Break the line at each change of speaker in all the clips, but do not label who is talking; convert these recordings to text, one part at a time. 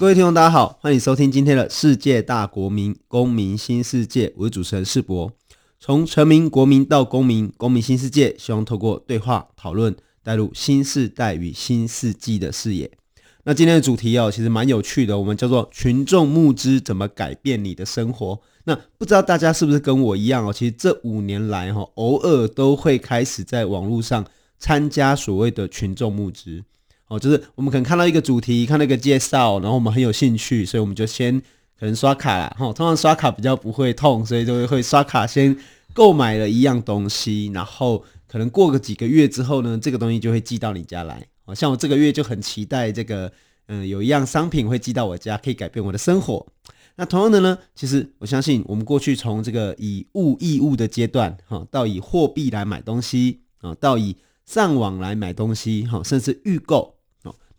各位聽眾，大家好，歡迎收聽今天的《世界大國民公民新世界》，我是主持人士博。從臣民國民到公民，公民新世界，希望透過對話討論，帶入新世代與新世紀的視野。那今天的主題哦，其實蠻有趣的，我們叫做“群眾募資”怎麼改變你的生活？那不知道大家是不是跟我一樣哦？其實這五年來哈，偶爾都會開始在網路上參加所謂的群眾募資。哦，就是我們可能看到一個主題，看到一個介紹，然後我們很有興趣，所以我們就先可能刷卡啦。哈、哦，通常刷卡比較不會痛，所以就會刷卡先購買了一樣東西，然後可能過個幾個月之後呢，這個東西就會寄到你家來。哦，像我這個月就很期待這個，嗯，有一樣商品會寄到我家，可以改變我的生活。那同樣的呢，其實我相信我們過去從這個以物易物的階段，哈、哦，到以貨幣來買東西，啊、哦，到以上網來買東西，哈、哦，甚至預購。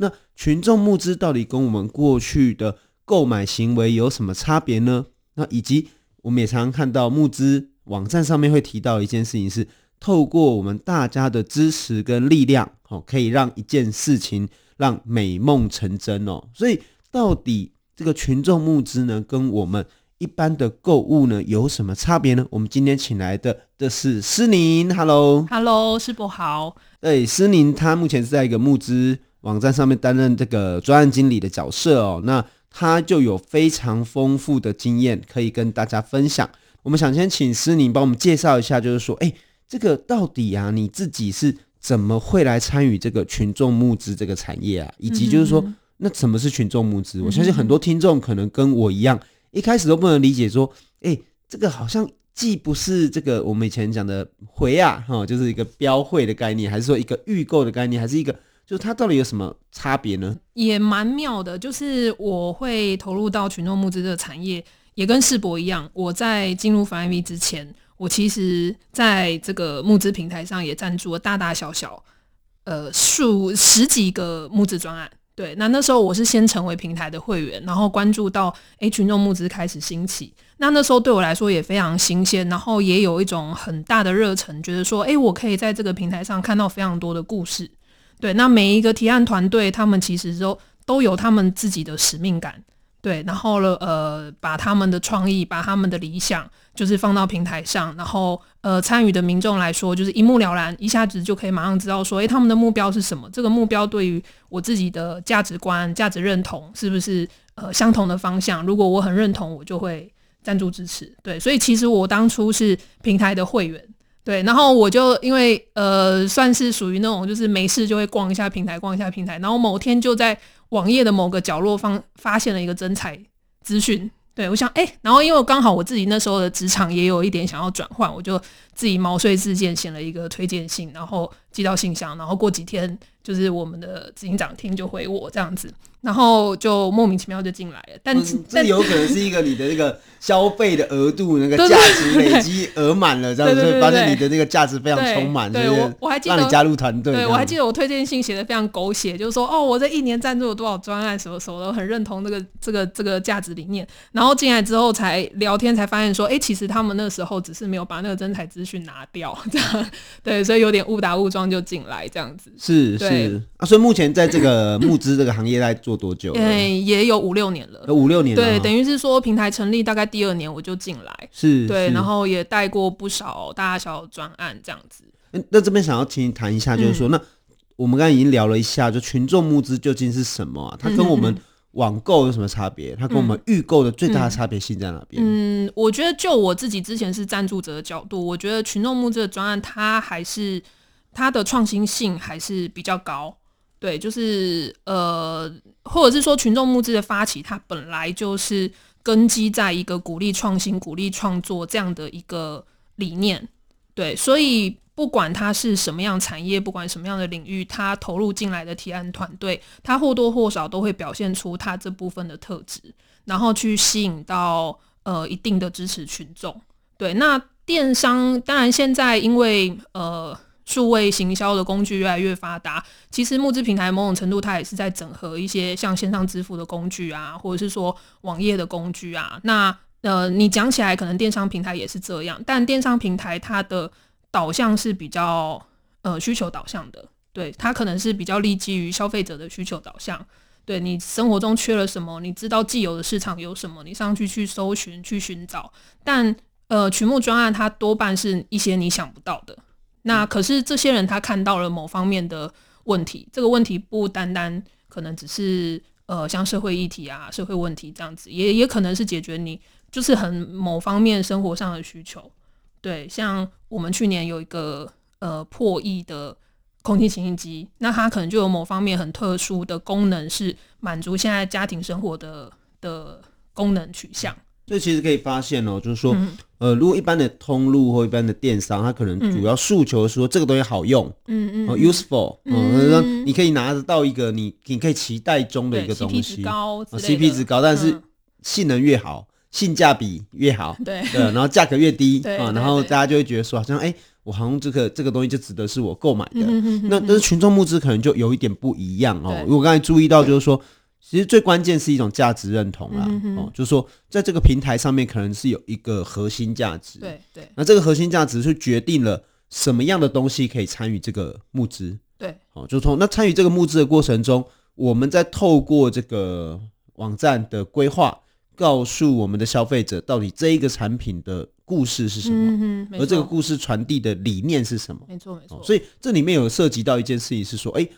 那群眾募資到底跟我們過去的購買行為有什麼差別呢？那以及我們也常常看到募資網站上面會提到一件事情，是透過我們大家的支持跟力量，哦，可以讓一件事情讓美夢成真哦。所以到底這個群眾募資呢，跟我們一般的購物呢有什麼差別呢？我們今天請來的這是思寧，Hello，Hello，
士博好，
對，思寧他目前是在一個募資。網站上面擔任這個專案經理的角色哦，那他就有非常豐富的經驗可以跟大家分享。我們想先請思寧幫我們介紹一下，就是說，哎，這個到底啊，你自己是怎麼會來參與這個群眾募資這個產業啊？以及就是說，嗯嗯那什麼是群眾募資？我相信很多聽眾可能跟我一樣，嗯嗯一開始都不能理解，說，哎，這個好像既不是這個我們以前講的回啊，哈，就是一個標會的概念，還是說一個預購的概念，還是一個？就它到底有什麼差別呢？
也蠻妙的，就是我會投入到群眾募資這個產業，也跟士博一樣。我在進入 FlyingV 之前，我其實在這個募資平台上也贊助了大大小小呃數十幾個募資專案。對，那那時候我是先成為平台的會員，然後關注到誒、欸、群眾募資開始興起。那那時候對我來說也非常新鮮，然後也有一種很大的熱忱，覺得說誒、欸、我可以在這個平台上看到非常多的故事。對，那每一個提案團隊，他們其實都都有他們自己的使命感，對。然後了呃，把他們的創意，把他們的理想，就是放到平台上。然後，呃，參與的民眾來說，就是一目了然，一下子就可以馬上知道說，誒、欸，他們的目標是什麼？這個目標對於我自己的價值觀、價值認同，是不是呃相同的方向？如果我很認同，我就會贊助支持。對，所以其實我當初是平台的會員。對，然後我就因為呃，算是屬於那種就是沒事就會逛一下平台，逛一下平台。然後某天就在網頁的某個角落放發現了一個徵才資訊。對我想哎、欸，然後因為剛好我自己那時候的職場也有一點想要轉換，我就自己毛遂自薦寫了一個推薦信，然後寄到信箱，然後過幾天就是我們的執行長聽就回我這樣子。然後就莫名其妙就進來了，但是、嗯、這有可能是
一個你的那個消費的額度，那個價值累積額滿了，這樣子 對對對對對對，發現你的那個價值非常充滿。對，對，對，對，所以對，我我還記得你加入團隊，我還記
得我推薦信寫的非常狗血，就是說哦，我這一年贊助了多少專案，什麼什麼，我很認同這個這個這個價值理念。然後進來之後才聊天，才發現說，哎、欸，其實他們那時候只是沒有把那個徵才資訊拿掉這樣，對，所以有點誤打誤撞就進來這樣子。是是
啊，所以目前在這個募資這個行業在。 做多久？哎、
欸，也有五六年
了。有五六年，對，等於
是說平台成立大概第二年我就進來。是，是，對，然後也帶過不少大大小小專案這樣子。
欸、那這邊想要請你談一下，就是說，嗯、那我們剛剛已經聊了一下，就群眾募資究竟是什麼？啊，它、嗯、跟我們網購有什麼差別？它、嗯、跟我們預購的最大的差別性在哪
邊？嗯嗯。嗯，我覺得就我自己之前是贊助者的角度，我覺得群眾募資的專案，它還是它的創新性還是比較高。對，就是呃，或者是說群眾募資的發起，它本來就是根基在一個鼓勵創新、鼓勵創作這樣的一個理念。對，所以不管它是什麼樣產業，不管什麼樣的領域，它投入進來的提案團隊，它或多或少都會表現出它這部分的特質，然後去吸引到呃一定的支持群眾。對，那電商當然現在因為呃。數位行銷的工具越來越發達，其實募資平台某種程度它也是在整合一些像線上支付的工具啊，或者是說網頁的工具啊。那呃，你講起來可能電商平台也是這樣，但電商平台它的導向是比較呃需求導向的，對，它可能是比較立基於消費者的需求導向。對，你生活中缺了什麼，你知道既有的市場有什麼，你上去去搜尋去尋找。但呃，群募專案它多半是一些你想不到的。那可是這些人他看到了某方面的問題，這個問題不單單可能只是呃像社會議題啊、社會問題這樣子，也也可能是解決你就是很某方面生活上的需求。對，像我們去年有一個呃破億的空氣清新機，那它可能就有某方面很特殊的功能，是滿足現在家庭生活的的功能取向。
所以其實可以發現哦，就是說、嗯，呃，如果一般的通路或一般的電商，它可能主要訴求的是說、嗯、這個東西好用，嗯嗯、啊、，useful，嗯，就是說你可以拿得到一個你你可以期待中的一個東西，CP 值高、啊、，CP 值高，但是性能越好，嗯、性價比越好對，對，然後價格越低 對啊，然後大家就會覺得說好、啊、像哎，我好像這個這個東西就值得是我購買的，嗯、那、嗯、但是群眾募資可能就有一點不一樣哦，因為我剛才注意到就是說。其實最關鍵是一種價值認同啦，嗯哼，哦，就是說在這個平台上面可能是有一個核心價值，對對。那這個核心價值是決定了什麼樣的東西可以參與這個募資，對，好，哦，就從那參與這個募資的過程中，我們在透過這個網站的規劃，告訴我們的消費者到底這一個產品的故事是什麼，嗯哼，而這個故事傳遞的理念是什麼，沒錯沒錯，哦。所以這裡面有涉及到一件事情是說，誒。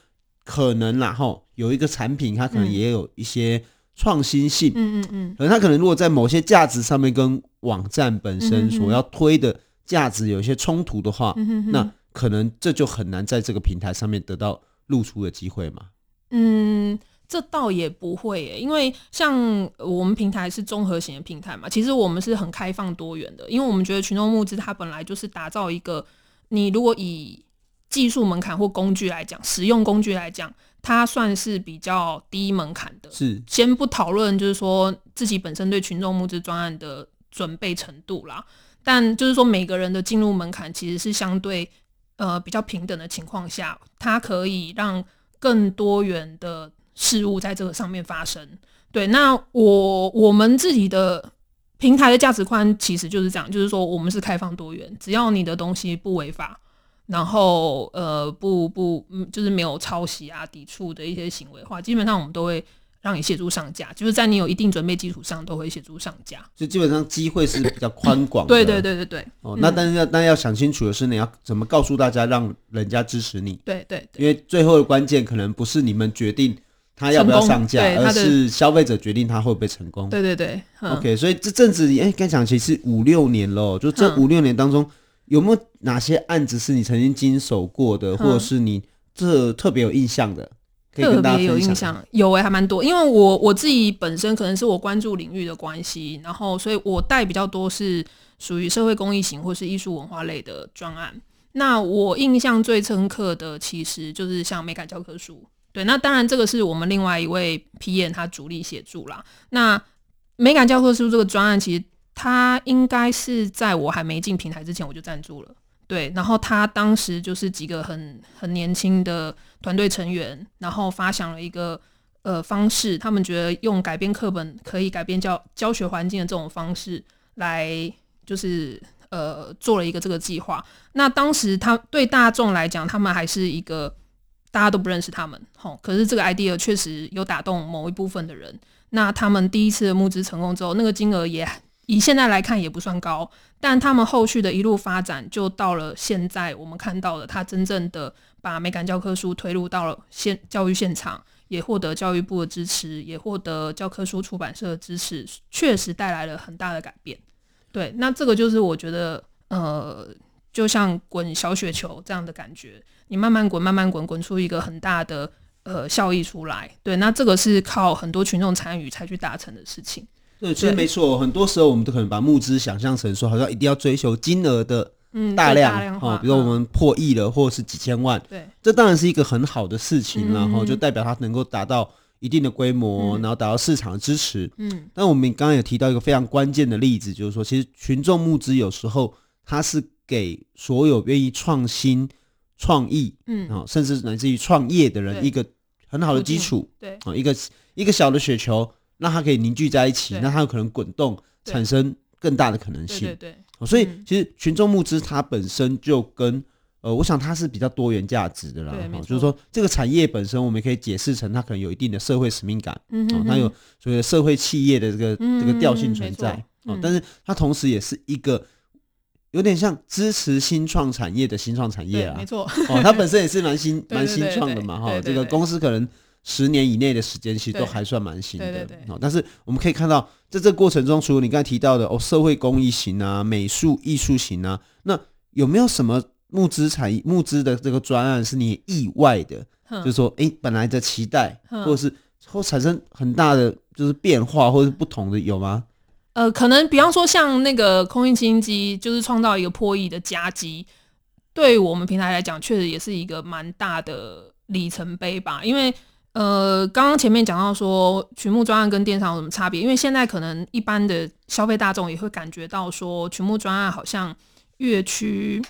可能，然後有一個產品，它可能也有一些創新性。嗯嗯嗯，可能它可能如果在某些價值上面跟網站本身所要推的價值有一些衝突的話，嗯嗯嗯嗯嗯嗯，那可能這就很難在這個平台上面得到露出的機會嘛。
嗯，這倒也不會耶，因為像我們平台是綜合型的平台嘛，其實我們是很開放多元的，因為我們覺得群眾募資它本來就是打造一個，你如果以。技術門檻或工具來講，使用工具來講，它算是比較低門檻的。是，先不討論，就是說自己本身對群眾募資專案的準備程度啦。但就是說，每個人的進入門檻其實是相對，呃，比較平等的情況下，它可以讓更多元的事物在這個上面發生。對，那我我們自己的平台的價值觀其實就是這樣，就是說我們是開放多元，只要你的東西不違法。然後呃、不不，嗯，就是沒有抄襲啊抵觸的一些行為的話，基本上我們都會讓你協助上架，就是在你有一定準備基礎上都會協助上架。
就基本上機會是比較寬廣的。 對對對對對。哦，那但是但、嗯、要，要想清楚的是，你要怎麼告訴大家，讓人家支持你？對，對對。因為最後的關鍵可能不是你們決定他要不要上架，而是消費者決定他會不會成功。對對對。嗯、OK，所以這陣子哎，剛講其實是五六年咯、哦，就這五六年當中。嗯有沒有哪些案子是你曾經經手過的，嗯、或者是你這特別有印象的？可以跟大家分享？特別有印象，
有誒、欸，還蠻多。因為我我自己本身可能是我關注領域的關係，然後所以我帶比較多是屬於社會公益型或是藝術文化類的專案。那我印象最深刻的其實就是像《美感教科書》，對，那當然這個是我們另外一位 PM 他主力協助啦。那《美感教科書》這個專案其實。他應該是在我還沒進平台之前，我就贊助了。對，然後他當時就是幾個很很年輕的團隊成員，然後發想了一個呃方式，他們覺得用改變課本可以改變教教學環境的這種方式，來就是呃做了一個這個計劃。那當時他對大眾來講，他們還是一個大家都不認識他們，吼、哦。可是這個 idea 確實有打動某一部分的人。那他們第一次的募資成功之後，那個金額也。以現在來看也不算高，但他們後續的一路發展，就到了現在我們看到了他真正的把美感教科書推入到了現教育現場，也獲得教育部的支持，也獲得教科書出版社的支持，確實帶來了很大的改變。對，那這個就是我覺得，呃，就像滾小雪球這樣的感覺，你慢慢滾，慢慢滾，滾出一個很大的，呃，效益出來。對，那這個是靠很多群眾參與才去達成的事情。
對，其實沒錯。很多時候，我們都可能把募資想象成說，好像一定要追求金額的大量、嗯大量喔、比如說我們破億了，或者是幾千萬。對，這當然是一個很好的事情啦，然、嗯、後、嗯喔、就代表它能夠達到一定的規模、嗯，然後達到市場的支持。嗯，但我們剛剛也提到一個非常關鍵的例子，就是說，其實群眾募資有時候它是給所有願意創新、創意，嗯啊、喔，甚至來自於創業的人一個很好的基礎。對啊、喔，一個一個小的雪球。那它可以凝聚在一起，那它有可能滾動產生更大的可能性。對對，對、哦、所以其實群眾募資它本身就跟、嗯、呃，我想它是比較多元價值的啦。就是說，這個產業本身，我們可以解釋成它可能有一定的社會使命感。嗯、哦，它有所謂的社會企業的這個、嗯、這個調性存在、嗯。哦，但是它同時也是一個有點像支持新創產業的新創產業啊。沒錯，哦、 嗯，它本身也是蠻新蠻新創的嘛。哈、哦，這個公司可能。十年以內的時間其實都還算蠻新的對對對對。哦，但是我們可以看到，在這個過程中，除了你剛才提到的哦，社會公益型啊、美術藝術型啊，那有沒有什麼募資產募資的這個專案是你意外的？嗯、就是說，哎、欸，本來在期待，嗯、或者是或者產生很大的就是變化，或者是不同的，有嗎？
呃，可能比方說像那個空氣清淨機，就是創造一個破億的佳績，對我們平台來講，確實也是一個蠻大的里程碑吧，因為。呃，剛剛前面講到說群募專案跟電商有什麼差別？因為現在可能一般的消費大眾也會感覺到說群募專案好像越趨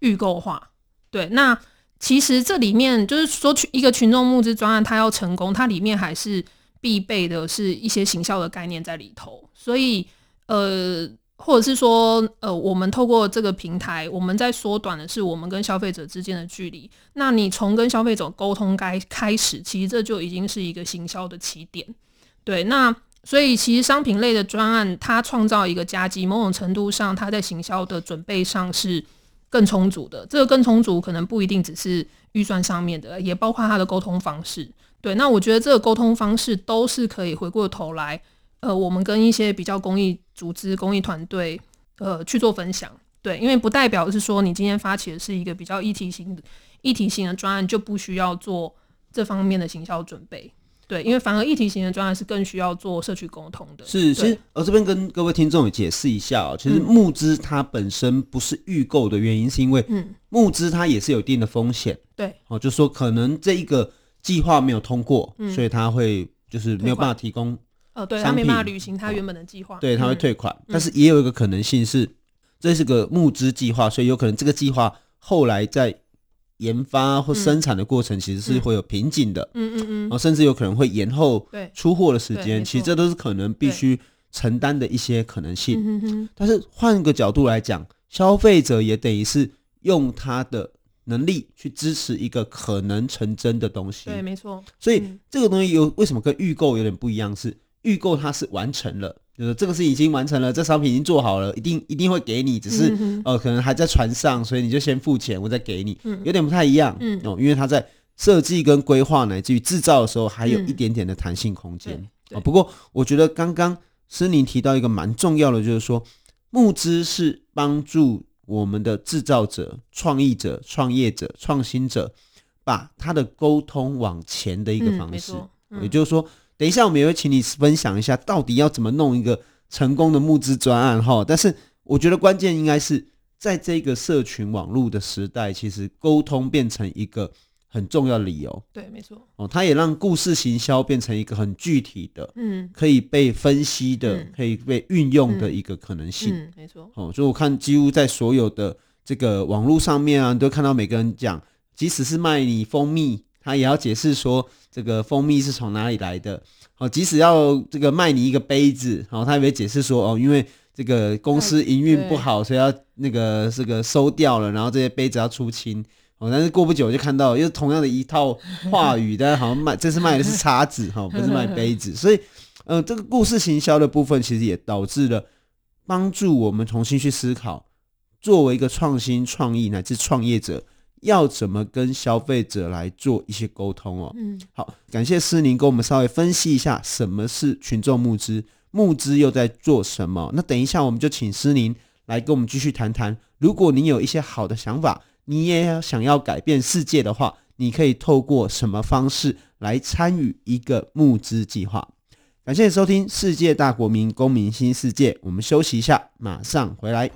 預購化。對，那其實這裡面就是說一個群眾募資專案，它要成功，它裡面還是必備的是一些行銷的概念在裡頭。所以，呃。或者是說，呃，我們透過這個平台，我們在縮短的是我們跟消費者之間的距離。那你從跟消費者溝通該開始，其實這就已經是一個行銷的起點。對，那所以其實商品類的專案，它創造一個佳績，某種程度上，它在行銷的準備上是更充足的。這個更充足，可能不一定只是預算上面的，也包括它的溝通方式。對，那我覺得這個溝通方式都是可以回過頭來，呃，我們跟一些比較公益組織、公益團隊，呃，去做分享，對，因為不代表是說你今天發起的是一個比較議題型的、議題型的專案，就不需要做這方面的行銷準備，對，因為反而議題型的專案是更需要做社區溝通的。是，其實
我這邊跟各位聽眾也解釋一下，其實募資它本身不是預購的原因，嗯、是因為嗯，募資它也是有一定的風險、嗯，對，哦，就說可能這一個計劃沒有通過，嗯、所以它會就是沒有辦法提供。呃、哦，對，他沒辦法履行
他原本的計劃，哦、對，他會退款，嗯。但是
也有一個可能性是，這是個募資計劃，嗯，所以有可能這個計劃後來在研發或生產的過程其實是會有瓶頸的，嗯嗯嗯，然後甚至有可能會延後出貨的時間，其實這都是可能必須承擔的一些可能性。嗯嗯。但是換個角度來講，消費者也等於是用他的能力去支持一個可能成真的東西。對，
沒錯。所以
這個東西有、嗯、為什麼跟預購有點不一樣是？預購它是完成了，就是這個是已經完成了，這商品已經做好了，一定一定會給你，只是、嗯、呃可能還在船上，所以你就先付錢，我再給你，嗯、有點不太一樣、嗯、哦，因為它在設計跟規劃乃至於製造的時候還有一點點的彈性空間啊、嗯嗯哦。不過我覺得剛剛思寧提到一個蠻重要的，就是說募資是幫助我們的製造者、創意者、創業者、創新者把他的溝通往前的一個方式，嗯嗯、也就是說。等一下，我們也會請你分享一下，到底要怎麼弄一個成功的募資專案哈？但是我覺得關鍵應該是在這個社群網絡的時代，其實溝通變成一個很重要的理由。
對，
沒錯。哦，它也讓故事行銷變成一個很具體的，嗯，可以被分析的，嗯、可以被運用的一個可能性。嗯嗯、沒錯。哦，所以我看幾乎在所有的這個網絡上面啊，你都看到每個人講，即使是賣你蜂蜜。他也要解釋說，這個蜂蜜是從哪裡來的？好，哦，即使要這個賣你一個杯子，好，哦，他也會解釋說，哦，因為這個公司營運不好，哎，所以要那個這個收掉了，然後這些杯子要出清。哦，但是過不久我就看到，又同樣的一套話語， 但好像賣這次賣的是叉子哈，哦，不是賣杯子。所以，嗯、呃，這個故事行銷的部分其實也導致了幫助我們重新去思考，作為一個創新創意乃至創業者。要怎麼跟消費者來做一些溝通哦？嗯，好，感謝思寧跟我們稍微分析一下什麼是群眾募資，募資又在做什麼？那等一下我們就請思寧來跟我們繼續談談。如果你有一些好的想法，你也想要改變世界的話，你可以透過什麼方式來參與一個募資計劃？感謝收聽《世界大國民公民新世界》，我們休息一下，馬上回來。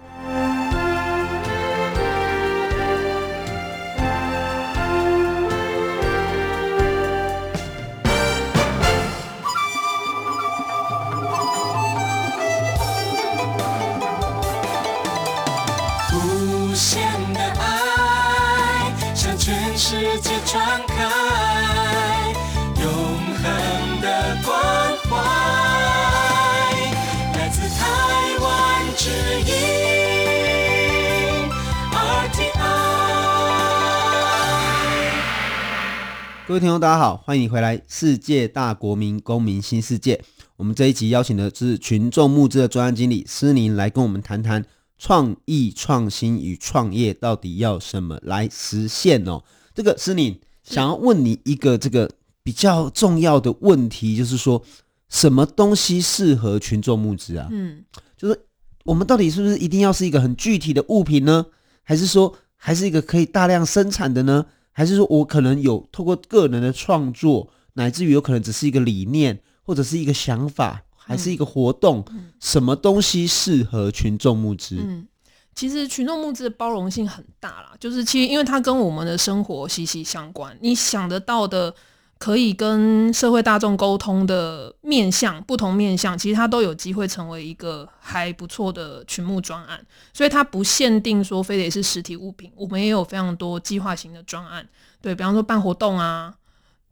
各位聽眾，大家好，歡迎回來《世界大國民公民新世界》。我們這一集邀請的是群眾募資的專案經理思寧來跟我們談談創意、創新與創業到底要什麼來實現哦。這個思寧想要問你一個這個比較重要的問題，就是說什麼東西適合群眾募資啊？嗯，就是我們到底是不是一定要是一個很具體的物品呢？還是說還是一個可以大量生產的呢？還是說，我可能有透過個人的創作，乃至於有可能只是一個理念，或者是一個想法，還是一個活動，嗯嗯，什麼東西適合群眾募資？
嗯，其實群眾募資的包容性很大啦，就是其實因為它跟我們的生活息息相關，你想得到的。可以跟社會大眾溝通的面向，不同面向，其實它都有機會成為一個還不錯的群募專案。所以它不限定說非得是實體物品，我們也有非常多計劃型的專案。對，比方說辦活動啊，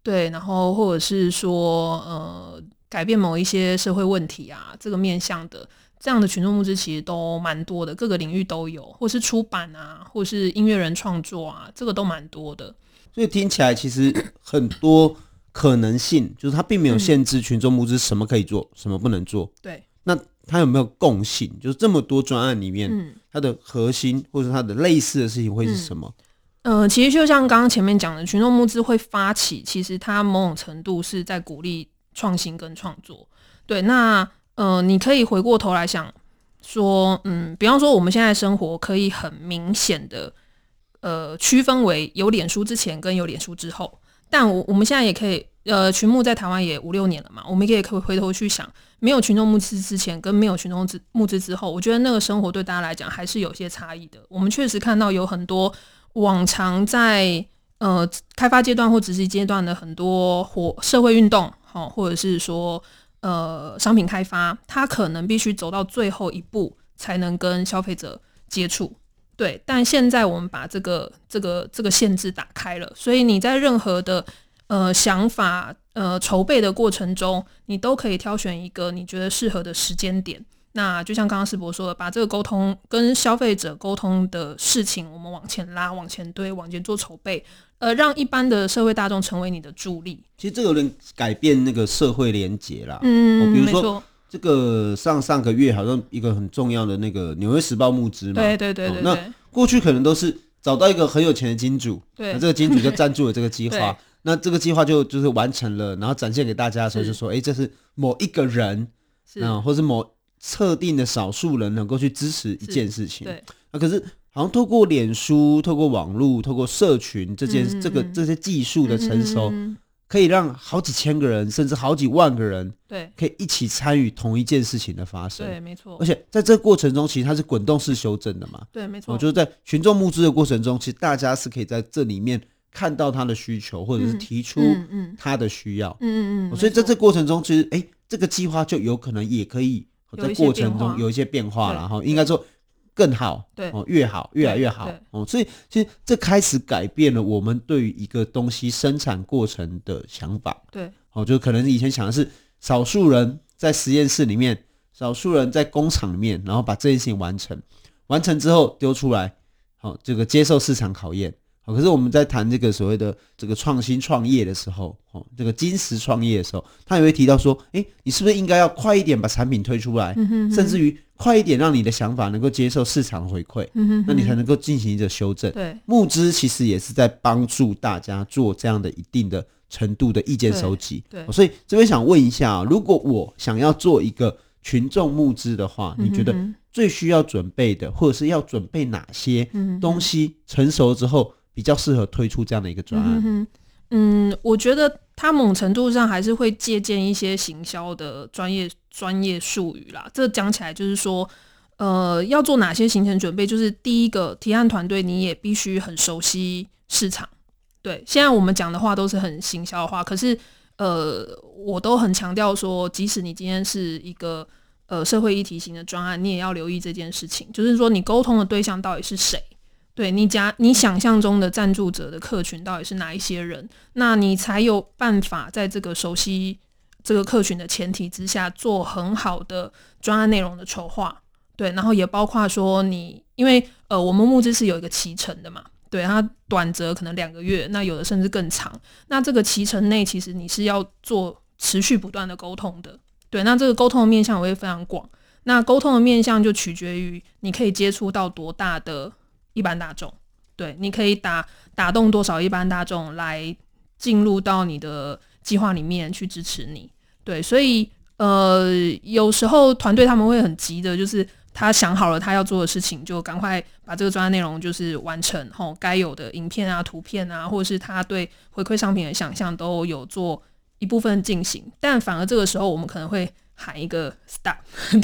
對，然後或者是說呃改變某一些社會問題啊，這個面向的這樣的群眾募資其實都蠻多的，各個領域都有，或是出版啊，或是音樂人創作啊，這個都蠻多的。
所以聽起來其實很多可能性，就是它並沒有限制群眾募資什麼可以做、嗯，什麼不能做。
對，那
它有沒有共性？就是這麼多專案裡面、嗯，它的核心或者它的類似的事情會是什麼？
嗯、呃，其實就像剛剛前面講的，群眾募資會發起，其實它某種程度是在鼓勵創新跟創作。對，那呃，你可以回過頭來想說，嗯，比方說我們現在生活可以很明顯的。呃，區分為有臉書之前跟有臉書之後，但我我們現在也可以，呃，群募在台灣也五六年了嘛，我們也可以回頭去想，沒有群眾募資之前跟沒有群眾募資之後，我覺得那個生活對大家來講還是有些差異的。我們確實看到有很多往常在呃開發階段或執行階段的很多活社會運動，哈、哦，或者是說呃商品開發，它可能必須走到最後一步才能跟消費者接觸。對，但現在我們把這個這個這個限制打開了，所以你在任何的呃想法呃籌備的過程中，你都可以挑選一個你覺得適合的時間點。那就像剛剛士博說的，把這個溝通跟消費者溝通的事情，我們往前拉，往前堆，往前做籌備，呃，讓一般的社會大眾成為你的助力。
其實這有點改變那個社會連結啦。嗯，哦、比如說。這個上上個月好像一個很重要的那個《紐約時報》募資嘛，對對對對、哦。那過去可能都是找到一個很有錢的金主，對，那這個金主就贊助了這個計劃，那這個計劃就就是完成了，然後展現給大家的時候就說，哎，這是某一個人，啊、呃，或是某特定的少數人能夠去支持一件事情，對。那、啊、可是好像透過臉書、透過網絡、透過社群，這件、嗯、這個這些技術的成熟。嗯嗯可以讓好幾千個人，甚至好幾萬個人，對，可以一起參與同一件事情的發生，對，沒錯。而且在這個過程中，其實它是滾動式修正的嘛，對，沒錯。我覺得在群眾募資的過程中，其實大家是可以在這裡面看到他的需求，或者是提出他的需要，嗯嗯嗯，嗯，嗯，嗯。所以在這個過程中，其實誒、欸，這個計劃就有可能也可以在過程中有一些變化了哈，應該說。更好，對哦，越好，越來越好，哦，所以其實這開始改變了我們對於一個東西生產過程的想法，對哦，就可能以前想的是少數人在實驗室裡面，少數人在工廠裡面，然後把這件事情完成，完成之後丟出來，好、哦，這個接受市場考驗，好、哦，可是我們在談這個所謂的這個創新創業的時候，哦，這個精實創業的時候，他也會提到說，誒，你是不是應該要快一點把產品推出來，嗯、哼哼甚至於。快一點，讓你的想法能夠接受市場回饋，嗯哼哼，那你才能夠進行一個修正。對，募資其實也是在幫助大家做這樣的一定的程度的意見收集。對，對，喔，所以這邊想問一下，喔，如果我想要做一個群眾募資的話，嗯哼哼，你覺得最需要準備的，或者是要準備哪些東西成熟之後，嗯哼哼，比較適合推出這樣的一個專案？
嗯哼哼。嗯，我覺得他某程度上還是會借鑒一些行銷的專業。專業術語啦，這講起來就是說，呃，要做哪些行程準備？就是第一個，提案團隊你也必須很熟悉市場。對，現在我們講的話都是很行銷化。可是，呃，我都很強調說，即使你今天是一個呃社會議題型的專案，你也要留意這件事情，就是說你溝通的對象到底是誰？對你講，你想象中的贊助者的客群到底是哪一些人？那你才有辦法在這個熟悉。這個客群的前提之下，做很好的專案內容的籌劃，對，然後也包括說你，因為呃，我們募資是有一個期程的嘛，對，它短則可能兩個月，那有的甚至更長，那這個期程內其實你是要做持續不斷的溝通的，對，那這個溝通的面向也會非常廣，那溝通的面向就取決於你可以接觸到多大的一般大眾，對，你可以打打動多少一般大眾來進入到你的。計劃裡面去支持你，對，所以呃，有時候團隊他們會很急的，就是他想好了他要做的事情，就趕快把這個專案內容就是完成，吼、哦，該有的影片啊、圖片啊，或者是他對回饋商品的想象都有做一部分進行，但反而這個時候我們可能會喊一個 stop，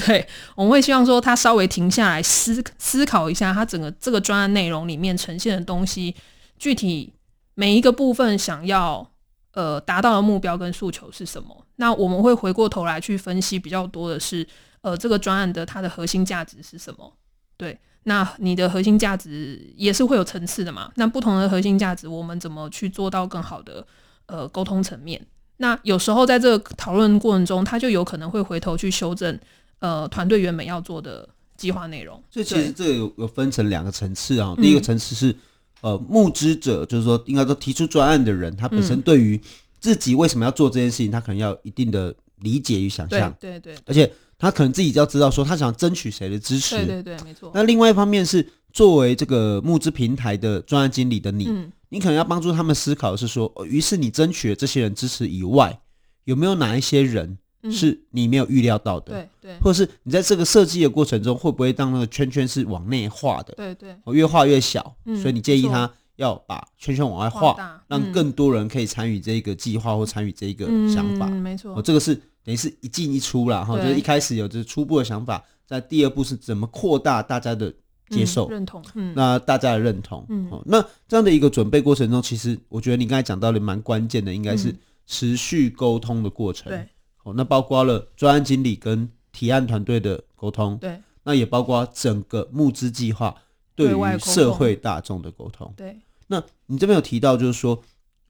對，我們會希望說他稍微停下來思思考一下，他整個這個專案內容裡面呈現的東西，具體每一個部分想要。呃，達到的目標跟訴求是什麼？那我們會回過頭來去分析比較多的是，呃，這個專案的它的核心價值是什麼？對，那你的核心價值也是會有層次的嘛？那不同的核心價值，我們怎麼去做到更好的呃溝通層面？那有時候在這個討論過程中，他就有可能會回頭去修正呃團隊原本要做的計劃內容。所以其實這
有有分成兩個層次啊、哦嗯，第一個層次是。呃，募資者就是說，應該說提出專案的人，他本身對於自己為什麼要做這件事情，嗯、他可能要有一定的理解與想象。對對，對對。而且他可能自己就要知道說，他想爭取誰的支持。對對，對沒錯。那另外一方面是作為這個募資平台的專案經理的你，嗯、你可能要幫助他們思考的是說，於、呃、是你爭取了這些人支持以外，有沒有哪一些人？是你沒有預料到的，嗯、對對，或者是你在這個設計的過程中，會不會當那個圈圈是往內畫的，對對、哦，越畫越小、嗯，所以你建議他要把圈圈往外畫、嗯，讓更多人可以參與這個計劃或參與這一個想法，嗯嗯、沒錯、哦，這個是等於是一進一出啦，哈、哦，就是一開始有這初步的想法，在第二步是怎麼擴大大家的接受、嗯、認同、嗯，那大家的認同、嗯哦，那這樣的一個準備過程中，其實我覺得你剛才講到的蠻關鍵的，應該是持續溝通的過程，嗯哦，那包括了專案經理跟提案團隊的溝通，對，那也包括整個募資計劃對於社會大眾的溝通對空空，對。那你這邊有提到，就是說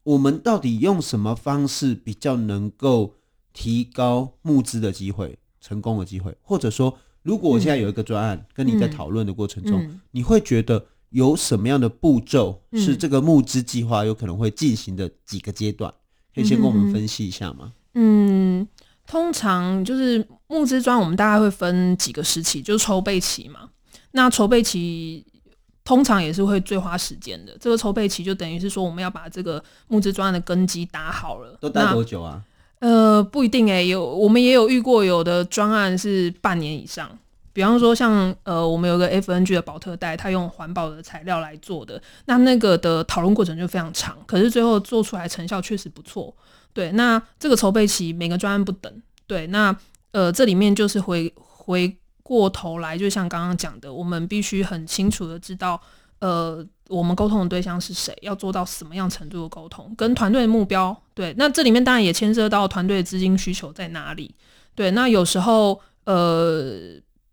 我們到底用什麼方式比較能夠提高募資的機會、成功的機會？或者說，如果我現在有一個專案，跟你在討論的過程中、嗯嗯嗯，你會覺得有什麼樣的步驟是這個募資計劃有可能會進行的幾個階段、嗯？可以先跟我們分析一下嗎？嗯。
嗯通常就是募資專案，我們大概會分幾個時期，就是籌備期嘛。那籌備期通常也是會最花時間的。這個籌備期就等於是說，我們要把這個募資專案的根基打好了。都待多久啊？呃，不一定誒、欸，有我們也有遇過，有的專案是半年以上。比方說像，像呃，我們有個 FNG 的寶特袋，它用環保的材料來做的，那那個的討論過程就非常長，可是最後做出來成效確實不錯。對，那這個籌備期每個專案不等。對，那呃，這裡面就是回回過頭來，就像剛剛講的，我們必須很清楚的知道，呃，我們溝通的對象是誰，要做到什麼樣程度的溝通，跟團隊的目標。對，那這裡面當然也牽涉到團隊的資金需求在哪裡。對，那有時候，呃，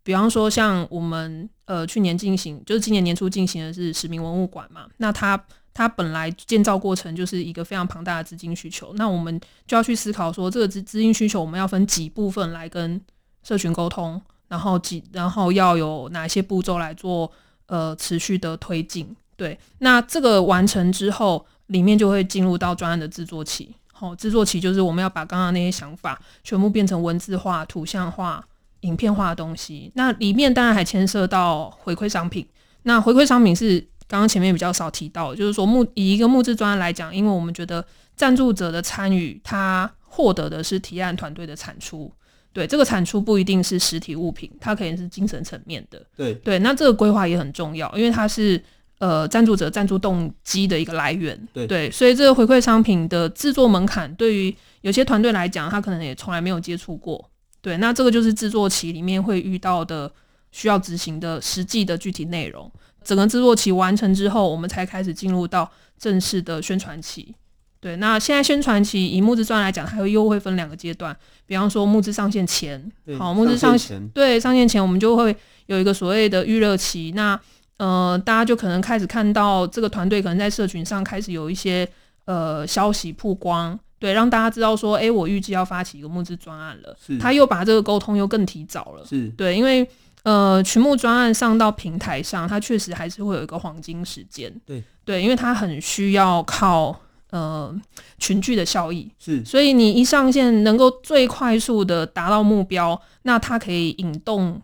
比方說像我們呃去年進行，就是今年年初進行的是史明文物館嘛，那它。它本來建造過程就是一個非常龐大的資金需求，那我們就要去思考說，這個資資金需求我們要分幾部分來跟社群溝通，然後幾然後要有哪些步驟來做呃持續的推進。對，那這個完成之後，裡面就會進入到專案的制作期，好、哦，制作期就是我們要把剛剛那些想法全部變成文字化、圖像化、影片化的東西，那裡面當然還牽涉到回饋商品，那回饋商品是。剛剛前面比較少提到，就是說木以一個募資專案來講，因為我們覺得贊助者的參與，他獲得的是提案團隊的產出，對這個產出不一定是實體物品，它可能是精神層面的，對對。那這個規劃也很重要，因為它是呃贊助者贊助動機的一個來源，對。對所以這個回饋商品的制作門檻，對於有些團隊來講，他可能也從來沒有接觸過，對。那這個就是制作期裡面會遇到的需要執行的實際的具體內容。整個製作期完成之後，我們才開始進入到正式的宣傳期。對，那現在宣傳期以募資專案來講，它又會分兩個階段。比方說，募資上線前對，好，募資上線對上線前，前我們就會有一個所謂的預熱期。那呃，大家就可能開始看到這個團隊可能在社群上開始有一些呃消息曝光，對，讓大家知道說，哎，我預計要發起一個募資專案了。是，他又把這個溝通又更提早了。是，對，因為。呃，群募專案上到平台上，它確實還是會有一個黃金時間。對對，因為它很需要靠呃群聚的效益。是，所以你一上線能夠最快速的達到目標，那它可以引動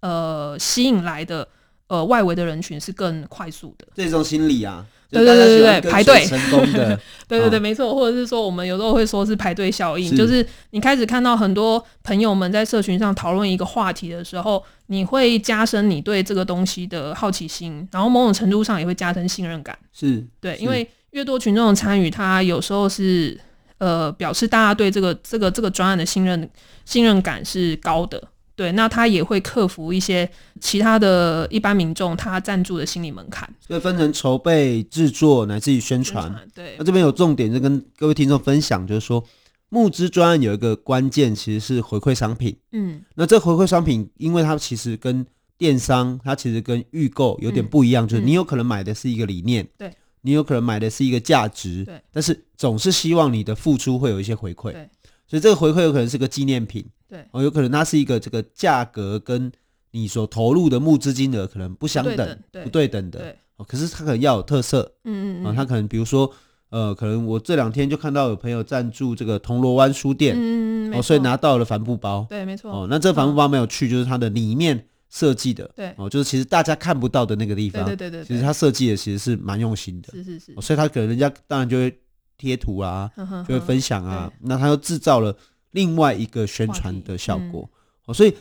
呃吸引來的呃外圍的人群是更快速的
這種心理啊。對，對對對對，排隊。
對對對，沒錯，或者是說，我們有時候會說是排隊效應，就是你開始看到很多朋友們在社群上討論一個話題的時候，你會加深你對這個東西的好奇心，然後某種程度上也會加深信任感。是對，因為越多群眾的參與，他有時候是呃表示大家對這個這個這個專案的信任信任感是高的。對，那他也會克服一些其他的一般民眾他贊助的心理門檻。
所以分成籌備、製作乃至於宣傳。嗯，對，那這邊有重點，就跟各位聽眾分享，就是說募資專案有一個關鍵，其實是回饋商品。嗯，那這回饋商品，因為它其實跟電商，它其實跟預購有點不一樣，嗯，就是你有可能買的是一個理念，對，嗯嗯，你有可能買的是一個價值，對，但是總是希望你的付出會有一些回饋。對。所以這個回饋有可能是個紀念品，哦，有可能它是一個這個價格跟你所投入的募資金額可能不相等，不對等的對。哦，可是它可能要有特色，嗯嗯，嗯啊，它可能比如說，呃，可能我這兩天就看到有朋友贊助這個銅鑼灣書店，嗯嗯，哦，所以拿到了帆布包，對，沒錯。哦，那這個帆布包沒有去，就是它的裡面設計的，對哦，就是其實大家看不到的那個地方，對對對，對，對，對其實它設計的其實是蠻用心的，是是是，哦，所以他可能人家當然就會。貼圖啊呵呵呵，就會分享啊，那他又制造了另外一個宣傳的效果、嗯哦，所以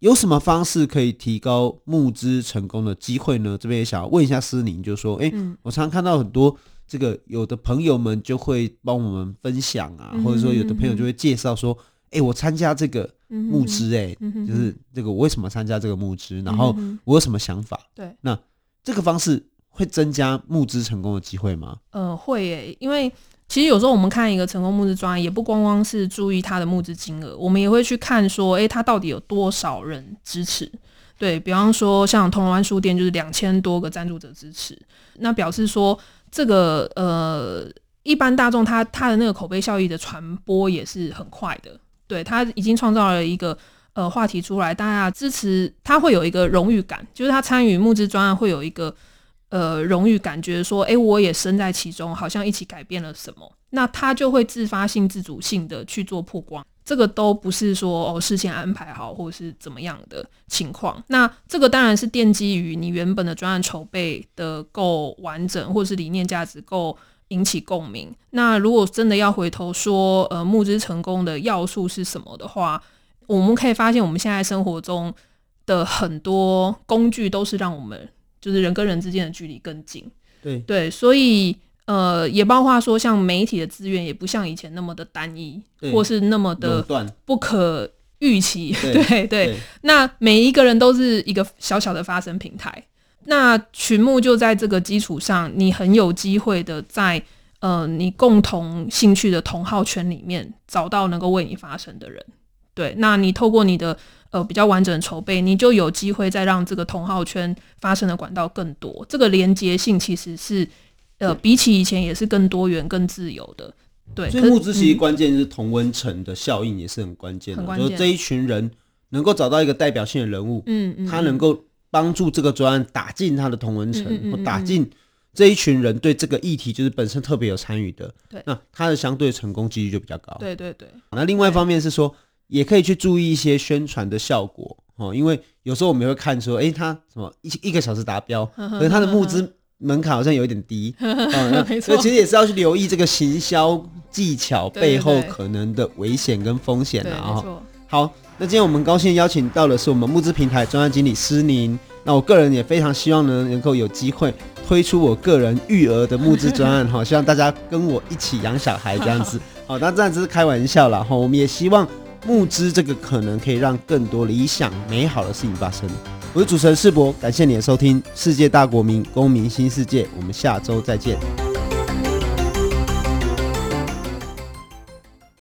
有什麼方式可以提高募資成功的機會呢？這邊也想要問一下思寧，就說，哎、欸嗯，我常常看到很多這個有的朋友們就會幫我們分享啊、嗯，或者說有的朋友就會介紹說，哎、嗯嗯欸，我參加這個募資、欸，哎、嗯嗯，就是這個我為什麼參加這個募資，然後我有什麼想法、嗯，對，那這個方式會增加募資成功的機會嗎？嗯、
呃，會耶、欸，因為。其實有時候我們看一個成功募資專案，也不光光是注意它的募資金額，我們也會去看說，欸，它到底有多少人支持？對，比方說像銅鑼灣書店就是兩千多個贊助者支持，那表示說這個呃，一般大眾他他的那個口碑效益的傳播也是很快的，對，他已經創造了一個呃話題出來，大家支持他會有一個榮譽感，就是他參與募資專案會有一個。呃，榮譽感覺說，哎、欸，我也身在其中，好像一起改變了什麼，那他就會自發性、自主性的去做曝光，這個都不是說哦事先安排好或者是怎麼樣的情況。那這個當然是奠基於你原本的專案籌備的夠完整，或者是理念價值夠引起共鳴。那如果真的要回頭說，呃，募資成功的要素是什麼的話，我們可以發現我們現在生活中的很多工具都是讓我們。就是人跟人之間的距離更近。對對，所以呃，也包括說，像媒體的資源也不像以前那麼的單一，或是那麼的不可預期，對對、對、對。那每一個人都是一個小小的發聲平台，那群募就在這個基礎上，你很有機會的在呃，你共同興趣的同好圈裡面找到能夠為你發聲的人，對，那你透過你的。呃，比較完整的籌備，你就有機會再讓這個同號圈發生的管道更多。這個連接性其實是，呃，比起以前也是更多元、更自由的。對，所以募資、嗯、其實
關鍵是同溫層的效應也是很關鍵的，的。就是、這一群人能夠找到一個代表性的人物，嗯嗯，他能夠幫助這個專案打進他的同溫層，或、嗯嗯嗯、打進這一群人對這個議題就是本身特別有參與的，對，那他的相對成功幾率就比較高。對，對對對。那另外一方面是說。也可以去注意一些宣傳的效果，哦，因為有時候我們會看出，誒、欸，他什麼一一,一個小時達標，可是他的募資門檻好像有一點低， 嗯、那沒錯，所以其實也是要去留意這個行銷技巧背後可能的危險跟風險啊對對對，哦，好，那今天我們高興邀請到的是我們募資平台專案經理思寧，那我個人也非常希望呢，能夠有機會推出我個人育兒的募資專案，哈， 希望大家跟我一起養小孩這樣子， 好，當然這只是開玩笑啦，哈，我們也希望。募資這個可能可以讓更多理想美好的事情發生。我是主持人士博，感謝你的收聽，《世界大國民公民新世界》，我們下周再見。